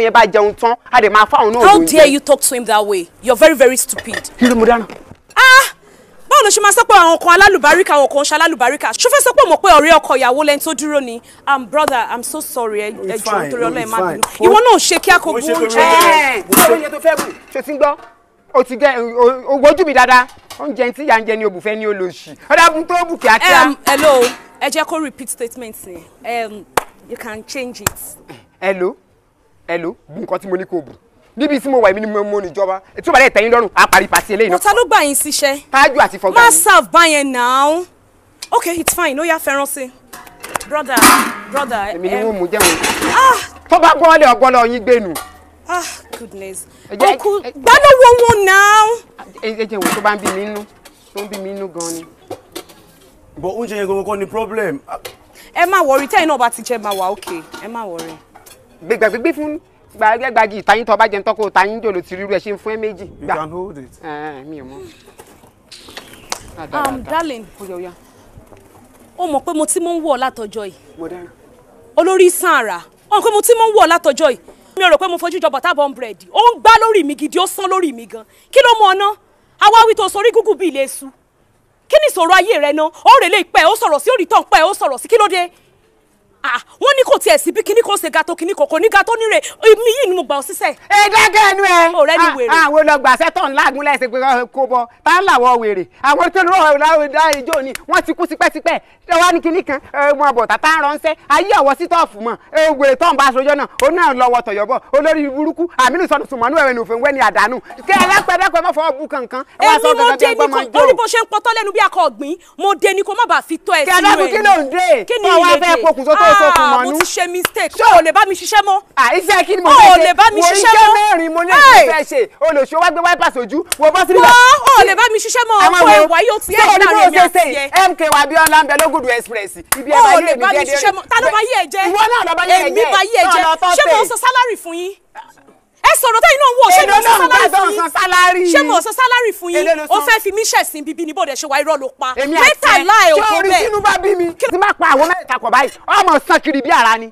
táwọn yẹn bá jẹun tán a dẹ̀ máa fáwọn náà lóúnjẹ. how dare you talk to him that way you are very very stupid. kí ló mo dáná. ah báwo ló ṣe máa sọ pé àwọn kan alálùbáríkà àwọn kan ṣalálùbáríkà ṣó fẹ́ sọ pé mo pé ọ̀rẹ́ ọkọ ìyàwó lẹ́ni tó dúró ni i'm um, brother i'm so sorry ẹ jọ̀ọ́ nítorí ọlọ́ọ̀ ẹ má bínú ìwọ náà ṣe kí àkókò oúnjẹ. ẹ ẹ báwo ni ẹ tó fẹ́ bù ṣe ti ń gbọ́ o ti gẹ ojú mi dáadáa oúnjẹ tí ìyá ń jẹ ni òbúfẹ́ ní olóṣì ọ̀dà bùn tó bù kíákíá. Um, hello ẹ jẹ́ kó repeat statement ni um, you can change it. hello ẹ ló bu nǹkan tí mo ní kó bù níbi tí mo wà mí ni mo níjọba tí ó bá dẹ̀ tẹ̀yìn lọ́rùn á parí pàṣẹ eléyìí náà. ọ̀tá ló gbà yín síṣẹ́. tájú àti fọgbà yín. má serve báyẹn náà okay it's fine ó yá fẹ́ràn sí brother brother. èmi ni wọ́n eh, mú jẹun. Ah. tó bá gbọ́ ọ́lẹ̀ ọgbọ́n lọ yín gbénu. ah goodness uncle gbádùn wo wọn náà. ẹ jẹ́ wọn tó bá ń bí mi nú tó ń bí mi nú gan ni. bọ̀ oúnjẹ yẹn gangan kọ́ ni problem. ẹ má wọrí tẹ́yìn náà bá ti jẹ́ máa wà okay ẹ má wọrí gbẹgbẹgbẹ fún gbàgbàgbàgì ìtayín tó bá jẹ ntọ́ kó tayín jò ló ti rírú ẹ ṣe ń fún ẹ méjì. you can hold it. mi ò mọ. um darling o mọ̀ pé mo ti mọ̀ ń wọ̀ látọjọ́ yìí olórí sàn ara o mọ̀ pé mo ti mọ̀ ń wọ̀ látọjọ́ yìí mi ò rò pé mo fojú jọ bọ̀tá bọ́n búrẹ́dì ó ń gbá lórí mi gidi ó sán lórí mi gan kí ló mọ ọ náà àwa wí tó sorí gúgù bíi ilé su kí ni ìṣòro ayé rẹ náà ó rèlé ìpẹ́ ó sọ̀rọ̀ sí òrìtàn pẹ́ ó sọ̀rọ̀ sí kí ló dé ah, tiẹ̀ sí bí kíní kò ṣe ga tó kíní kòkó ní ga tó níre èmi yìí ni mo gbà ọ sísẹ. ẹ dákẹ́ ẹnu ẹ ọ̀rẹ́ mi ah, wèrè. àwọn ah, olùgbà sẹ́tọ̀ ńlá agunlẹ̀ ṣe pé eh, kò bọ tá ń làwọ̀ wèrè àwọn tó lọ́wọ́ láwọn dá ìjọ ni wọ́n ti kú tipẹ́tipẹ́ wá ní kíní kan wọn eh, bọ̀ tàtà ń ránṣẹ́ ayé ọ̀wọ́ sí tọ́ọ̀fù mọ̀ eh, wèrè tó ń bá aṣojú náà òun náà lọ́wọ́ tọ̀yọ̀bọ̀ olórí burúkú àmínú sọnù sùmọ́nú ẹ̀rẹ̀ ní òfin wẹ́ni àdánù kí ẹlẹ́pẹ̀ẹ́dẹ́pẹ́ mọ́ fọwọ́ bu kankan. èmi mo dé ní kò orí bó ṣe ń pọtọ́ lẹ́nu bí akọ ọ̀gbìn mo dé ní kò má bàa fi tọ́ ẹ̀ sí rẹ̀. kí ẹlẹ́bùkí ló ń dé kí ni ìyẹn dé ṣe mistake o ò lè bá mi ṣiṣẹ́ mọ́. àìsẹ́ kí ni mo fẹ́ ṣe o ò lè bá mi ṣiṣẹ́ mọ́. wo iṣẹ́ mẹ́rin mo ní èyí fẹ́ ṣe olùṣọ́ wá gbé wáìpà sójú wo bá sílẹ̀. wọ́n o ò lè mi ṣiṣẹ́ mọ́ ọkọ ìwà yóò ti ẹ̀ láàrin mi àti ẹ̀. mk wa bí ọlá ń bẹ lógùdù express ibi ẹ̀ bá yé mi jẹ́ dé o ò lè mi ṣiṣẹ́ mọ́ ta ló bá yé ẹ mo san ṣé mo san salary fún yín o fẹ́ fi mí ṣẹ̀sìn bíbí níbo dẹ̀ ṣe wá irọ́ ló pa. èmi àti ẹ ṣé orí sínú bá bí mi. tí n bá pa àwọn mẹ́ta kọ̀ báyìí ọmọ san kiri bí ara ni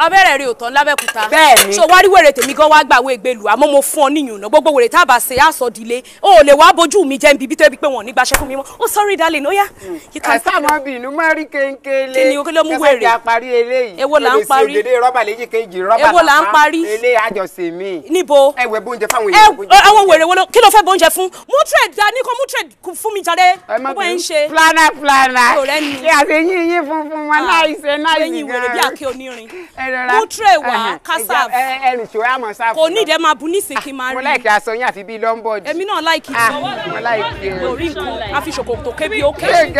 abẹ́rẹ́ rẹ ò lábẹ́kúta bẹ́ẹ̀ni so wárí wèrè tèmi gan wá gbà wé gbèlú àmọ́ mo fún ọ níyùn náà gbogbo wèrè tá a bá ṣe á sọ dilé o ò lè wá bójú mi jẹ́ nbí bí tó yẹ pé wọ́n ní gbaṣẹ́ fún mi mọ́ oh sorry darling ó yá. kàtà mọ bínú má rí kéńkéle kí ni o mú wèrè kẹfà là ń parí èdè là ń parí níbo àwọn wèrè wo kí ló fẹ́ bóúnjẹ fún mutrade dání kó mutrade fún mi jáde bó ń ṣe. plana plana ṣe àṣeyín yín funfun wọn ah. láì ṣe náà ìgbà mú tray wá kásá ẹnì tí ó yà mọ̀ sáfù. kò ní ìdẹ́ máa bu nísìnyí ah, kí n máa rí. mo láìkí aṣọ yín àti bíi lọ́ńbọ̀dì. èmi náà láìkí. Ah, mo láìkí ẹ. àfi ṣòkòtò kébí ó kéré.